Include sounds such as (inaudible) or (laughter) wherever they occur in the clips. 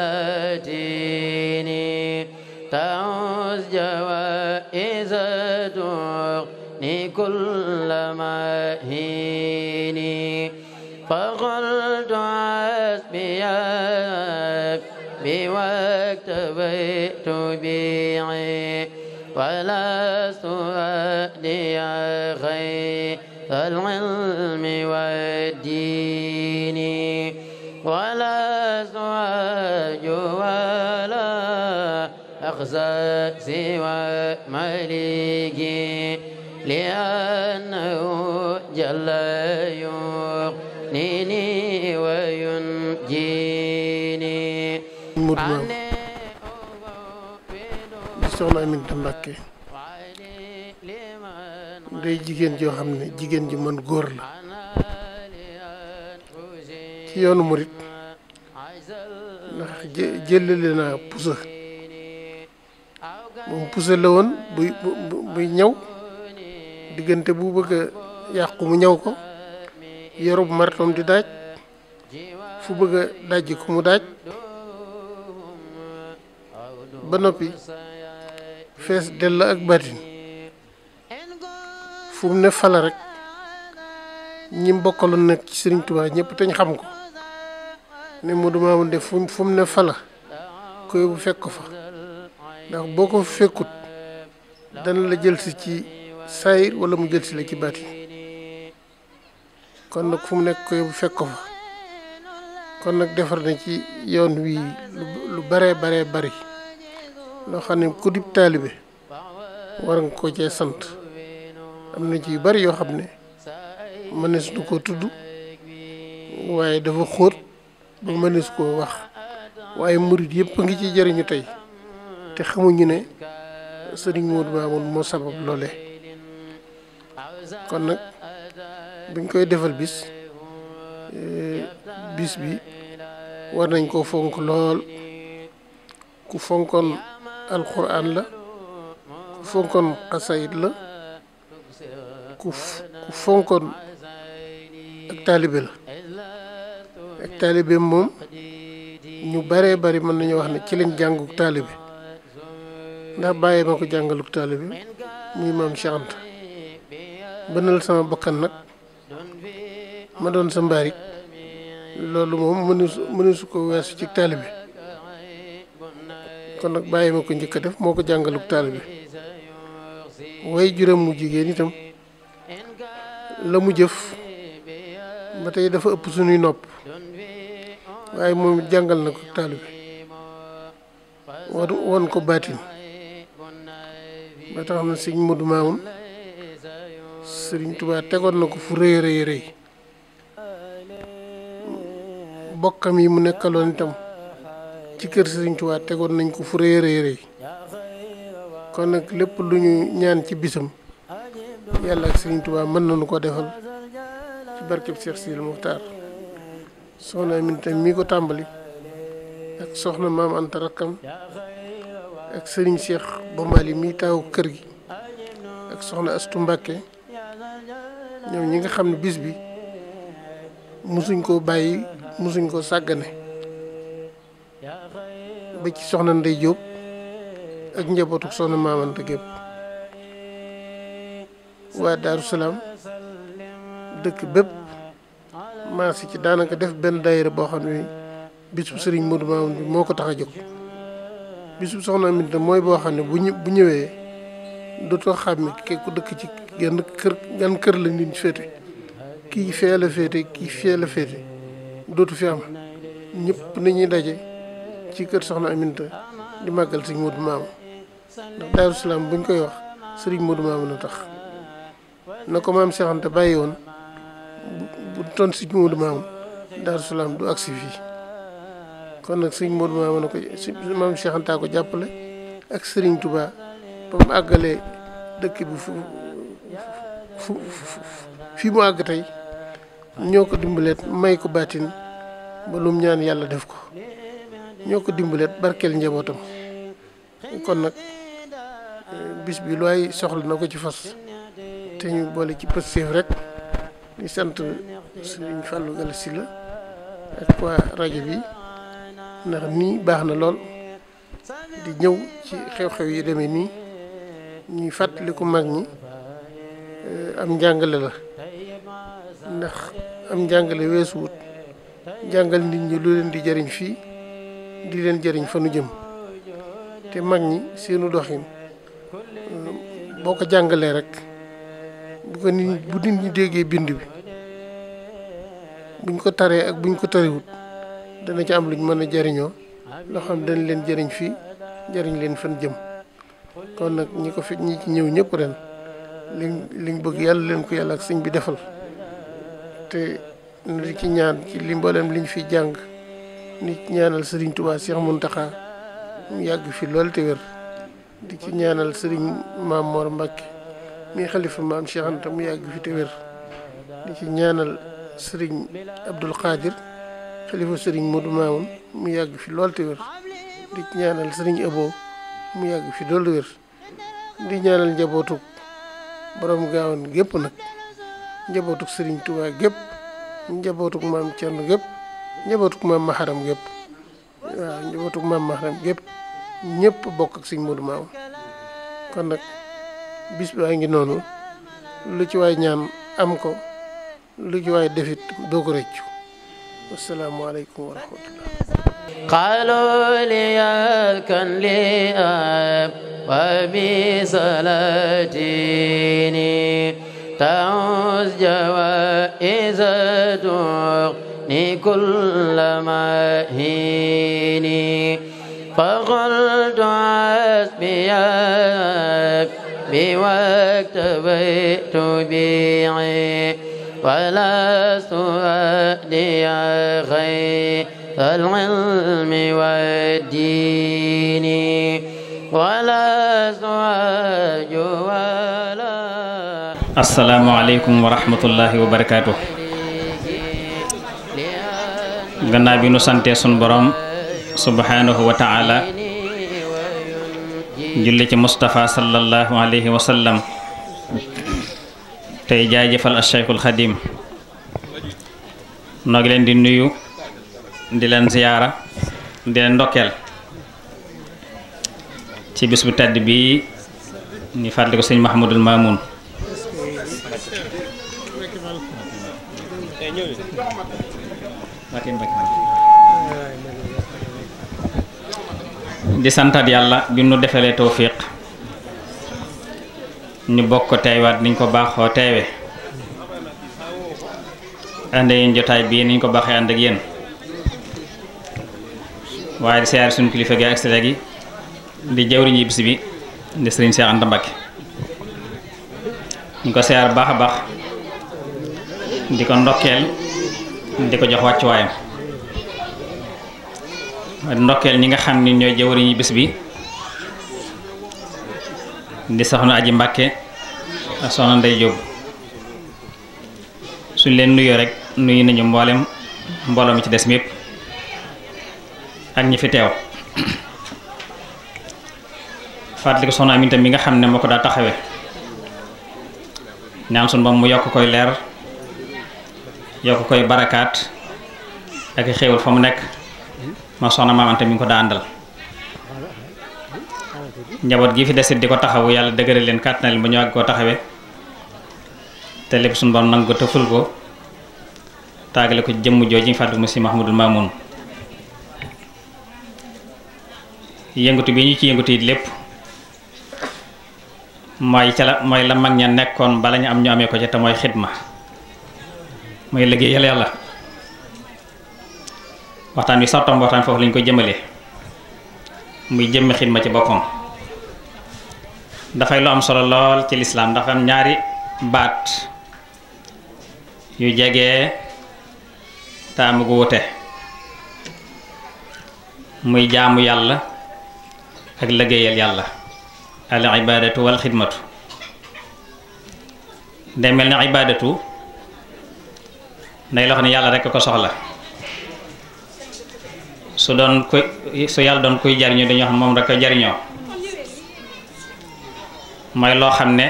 التي تعوز جوائز تغني كل ماهين فقلت حسبي ربي واكتفيت بيعي ولست أدري خير العلم والدين يخزى سوى مليكي لأنه جل jigéen joo xam ne jigéen ji man góor la ci yoonu murit ndax jëlale pusa moom puso la woon buy buy ñaw diggante bu bëgg yàqu mu ñaw ko yorub martoom di daaj fu bëgg a dajj mu daaj ba noppi fees dell ak baatin fu ne fala rek ñi mbokkaloon nag ci Sëriñ Tuubaa ñëpp te ñu xam ko ne mu duma mu def fu mu ne fala koy bu fekk ko fa ndax boo ko fekkut dana la jël si ci saayir wala mu jël si la ci baati kon nag fu mu nekk ko yow fekk fa kon nag defar na ci yoon wi lu bare bare bari loo xam ne ku dib taalibe war nga ko cee sant am na ci yu bari yoo xam ne mënees du ko tudd waaye dafa xóot ba mënees koo wax waaye murit yëpp a ngi ci jëriñu tey te xamuñu ne sëriñ Modou Mamoun moo sabab loole kon nag buñ koy defal bis eh, bis bi war nañ koo fonk lool ku fonkoon alxuraan la ku fonkoon xasayid la ku ku fonkoon ak taalibe la ak taalibe moom ñu baree bari mën nañu wax ne ci lañ jàngu taalibe ndax bàyyi ma ko jàngaluk taali bi muy maam Cheikh Anta sama bakkan nag ma doon sa mbaarik loolu moom mënu mënu ko weesu ci taali bi kon nag bàyyi ma ko njëkk a def moo ko jàngaluk taali bi way juram mu jigéen itam la mu jëf ba tey dafa ëpp suñuy nopp waaye moom jàngal na ko taali bi war woon ko baatin ba tax na sëñ Modou tegoon na ko fu rëy rëy yi mu nekkaloon itam ci kër sëriñ tegoon nañ ko fu rëy rëy rëy kon nag lépp lu ñu ñaan ci bisam yàlla ak sëriñ Touba mën nañu ko defal ci barkeb Cheikh Sidil Muxtaar soxna Aminta mi ko tàmbali ak soxna maam Anta rakkam ak sëriñ Cheikh Bomali mii taaw kër gi ak soxna Astu Mbàkke ñoom ñi nga xam ne bis bi musuñ koo bàyyi musuñ koo sàggane ba ci soxna Ndey Jóob ak njabootu soxna maamante gépp waa Daaru dëkk bépp maasi ci daanaka def benn daayira boo xam ne bisu sëriñ Modou Mamoune bi moo ko tax a jóg bisu soxna Aminta mooy boo xam ne bu ñu bu ñëwee dootoo xam ne kii dëkk ci genn kër gan kër la nit féete kii fee la féete kii fee féete dootu fi am ñëpp nañuy daje ci kër soxna Aminta di màggal sëñ Modou Maama ndax Daaru buñ koy wax sëriñ Modou Maama na tax na ko maam Cheikh Anta bàyyi woon bu bu ton sëñ Modou Maama Daaru Salaam du agsi fii kon nag sëñ Modou Mamoune ne ko si ko jàppale ak sëriñ Touba ba mu àggalee dëkk bi fu fu mu àgg tey ñoo ko dimbaleet may ko baatin ba lum ñaan yàlla def ko ñoo ko dimbaleet barkeel njabootam kon nag eh, bis bi lu ay soxla na ko ci fas te ñu boole ci pës séef rek di sant Serigne Fallou Galass Sylla ak waa rajo bi. ndax nii baax na lool di ñëw ci xew-xew yi deme nii ñuy fàttaliku mag ñi eh, am njàngale la ndax am njàngale weesuwut jàngal nit ñi lu leen di jariñ fii di leen jëriñ fa nu jëm te mag ñi seenu doxin eh, boo ko jàngalee rek bu ko nit ñi déggee bind bi buñ ko taree ak buñ ko tariwut dana ci am luñ mën a jariñoo loo xam dañ leen jëriñ fii jëriñ leen fan jëm kon nag ñi ko fi ñi ci ñëw ñëpp ren liñ liñ bëgg yàlla leen ko yàlla ak sëñ bi defal te li ci ñaan ci li mbooleem liñ fi jàng ni ñaanal sëriñ Touba Cheikh Mountakha mu yàgg fi lool te wér di ci ñaanal sëriñ maam Mor Mbacke mi xalifa maam Cheikh Anta mu yàgg fi te wér di ci ñaanal sëriñ Abdoul Khadir xalifa sëriñ Modou Mamoun mu yàgg fi lool te wér di ñaanal mu yàgg fi lool te wér di ñaanal njabootuk borom gaawan gépp nag njabootuk sëriñ Touba gépp njabootuk maam Thierno gépp njabootuk maam Maharam gépp waaw njabootuk maam Maharam gépp ñëpp bokk ak sëriñ Modou Mamoun kon nag bis baa ngi noonu lu ci waay ñaan am ko lu ci waay defit doo ko rëccu asalaamaaleykum wa rahmatullah قالوا ليكن لي أب وبصلاتيني تعوز جوائز تغني كل مهيني فقلت حسبي بوقت بيت بيعي ولا سؤالي غير العلم والدين ولا زواج ولا السلام عليكم ورحمة الله وبركاته gannaaw bi nu sante sun borom subhanahu wa taala julli ci Mustafa sallallahu alayhi wa sallam tey jaajëfal al Cheikhul Xadim noo ngi leen di nuyu di leen ziyaara di leen ndokkeel ci bis bu tedd bi ñu fàttali ko sëñ Mahamadul Mamoun di santaat yàlla bi nu defalee tawfiq ñu bokk ko teewaat niñ ko baaxoo teewe ànd yéen jotaay bii niñ ko baaxee ànd ak yéen waaye di siyaar suñu kilifa gi ak di jëwriñu bis bi di sëriñ Cheikh Anta ñu ko siyaar baax a baax di ko ndokkeel di ko jox wàccuwaayam waaye ndokkeel ñi nga xam ni ñooy jëwriñu bis bi di soxna aji mbàkke ak soxna ndey jóob suñ leen nuyoo rek nuyu nañu mboolem mbooloo mi ci des mépp ak ñi fi teew (coughs) fàttali ko soxna Aminta mi nga xam ne moo ko daa taxawe ñaan sun moom mu yokk koy leer yokk koy barakaat ak xéewal fa mu nekk ma soxna maamante mi ngi ko daa àndal njaboot gi fi desit di ko taxawu yàlla dëgëral leen kàttanal ba ñu àgg koo taxawee te lépp suñu borom nangu ko tëful ko taagale ko jëmm jooju fàttali mu si Mahmoudul Mamoun yëngatu bi ñu ci yëngatu it lépp mooy ca la mooy la mag ña nekkoon bala ñu am ñu amee ko ca te mooy xidma mooy liggéeyal yàlla waxtaan wi sartam foofu lañ ko jëmale muy jëmmi xidma ci boppam dafay lu am solo lool ci lislaam ndax am ñaari baat yu jege taamu gu wute muy jaamu yàlla ak liggéeyal yàlla al ibaadatu wal xidmatu day mel ni ibaadatu day loo xam ne yàlla rekk a ko soxla su doon koy su yàlla doon koy jariñu dañoo xam moom rekk ko jariñoo mooy loo xam ne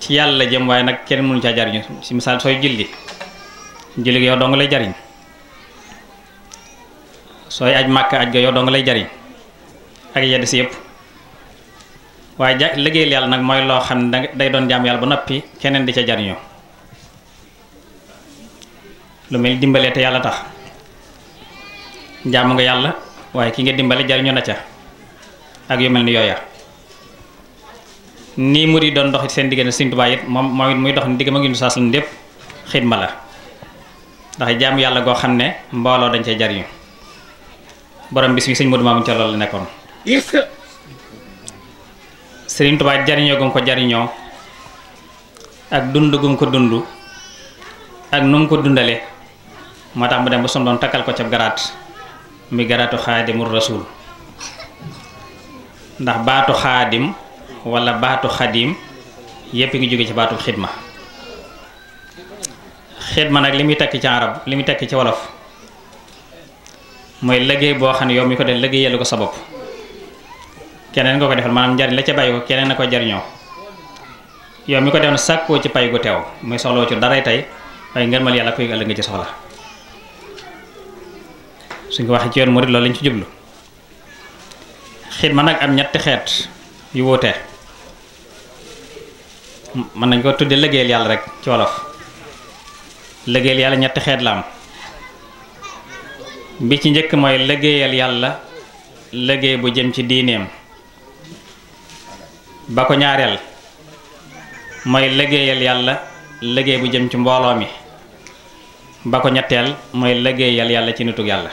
ci yàlla la jëm waaye nag kenn mënu ca jariñu si misaal sooy julli julli gi yow dong lay jariñ sooy aj màkk aj ga yow dong lay jariñ ak yedd si yëpp waaye ja liggéeyal yàlla nag mooy loo xam ne day doon jaam yàlla ba noppi keneen di ca jariñoo lu mel dimbalee te yàlla tax jaamu nga yàlla waaye ki nga dimbale jariñoo na ca ak yu mel ni yooya nii murid doon dox seen diggante Sëriñ Tuubaa it moom moom it muy dox ni digg ma ngi nu saas lépp xidma la ndax jaamu yàlla goo xam ne mbooloo dañ cay jariñu borom bis bi sëñ Modou Mamoune ca loolu la nekkoon Sëriñ Tuubaa jariñoo gum ko jariñoo ak dund gum ko dund ak nu ko dundale moo tax mu dem ba sun doon takkal ko ca garaat muy garaatu xaadimul rasuul ndax baatu xaadim wala baatu xadim yépp ngi jóge ci baatu xidma xidma nag li muy tekki ci arab li muy tekki ci wolof mooy liggéey boo xam ne yow mi ko def liggéeyal ko sa bopp keneen nga ko defal maanaam njariñ la ca bàyyi ko keneen na ko jariñoo yow mi ko def na sàkkoo ci pay gu teew muy soxloo ci daray tey waaye ngërmal yàlla kuy ëllëg nga ci soxla suñ ko waxee ci yoon murid loolu lañ ci jublu xidma nag am ñetti xeet yu wuute mën nañ ko tuddee liggéeyal yàlla rek ci wolof liggéeyal yàlla ñetti xeet la bi ci njëkk mooy liggéeyal yàlla liggéey bu jëm ci diineem ba ñaareel mooy liggéeyal yàlla liggéey bu jëm ci mbooloo mi ba ko ñetteel mooy liggéeyal yàlla ci nitug yàlla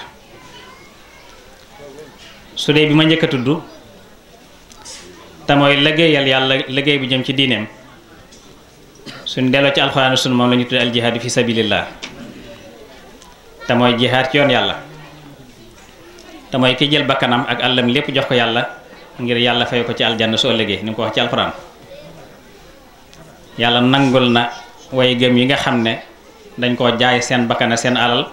su dee bi ma njëkk a tudd te mooy liggéeyal yàlla liggéey bu jëm ci diineem suñu delloo ci alxuraan suñ moom la ñu tuddee al jihaadu fi sabilillah te mooy jihaad ci yoon yàlla te mooy ki jël bakkanam ak àllam lépp jox ko yàlla ngir yàlla fay ko ci aljanna su ëllëgee ni mu ko wax ci alxuraan yàlla nangul na way gëm yi nga xam ne dañ koo jaay seen bakkana seen alal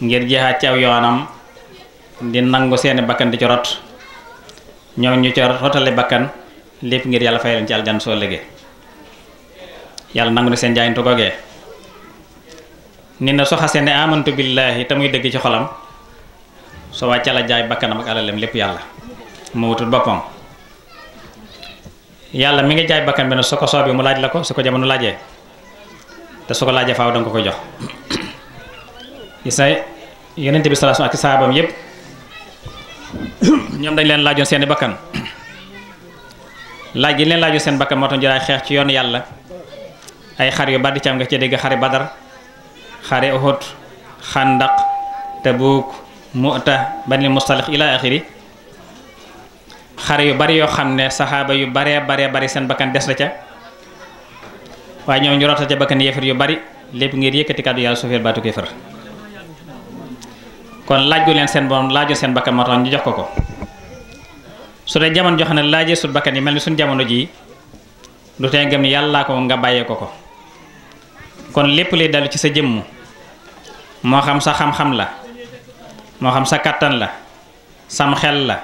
ngir jihaad ci aw yoonam di nangu seeni bakkan di ci rot ñoom ñu ci rotale bakkan lépp ngir yàlla fay leen ci aljanna su ëllëgee yàlla nangu na seen jaayintu googee nit na su xasee ne amantu billaahi te muy dëgg ci xolam su wàcca la jaay bakkanam ak alalem lépp yàlla mu wutul boppam yàlla mi ngi jaay bakkan bi ne su ko soobee mu laaj la ko su ko jamono laajee te su ko laajee faaw danga ko koy jox gis na yonente bi sallallahu ak saabam yépp ñoom dañ leen laajoon seeni bakkan laaj gi leen laajoon seen bakkan moo tax ñu daay xeex ci yoonu yàlla ay xare yu bari cam nga ci dégg xare badar xare uhud xandaq tabuk mu'ta banil mustalik ila axiri xare yu bari yoo xam ne saxaaba yu baree baree bari seen bakkan des na ca waaye ñoom ñu ca bakkan yéefar yu bari lépp ngir yëkkati kàddu yàlla suufeel baatu kéefar kon laaj gu leen seen bon laaju seen bakkan moo tax jox ko ko su dee jamono joo xam ne laajee sut bakkan yi mel ni suñ jamono jii du tee gëm ni ko nga bàyyee ko ko kon lépp lay dalu ci sa jëmm moo xam sa xam-xam la moo xam sa kàttan la sam xel la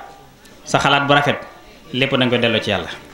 sa xalaat bu rafet lépp da nga delloo ci yàlla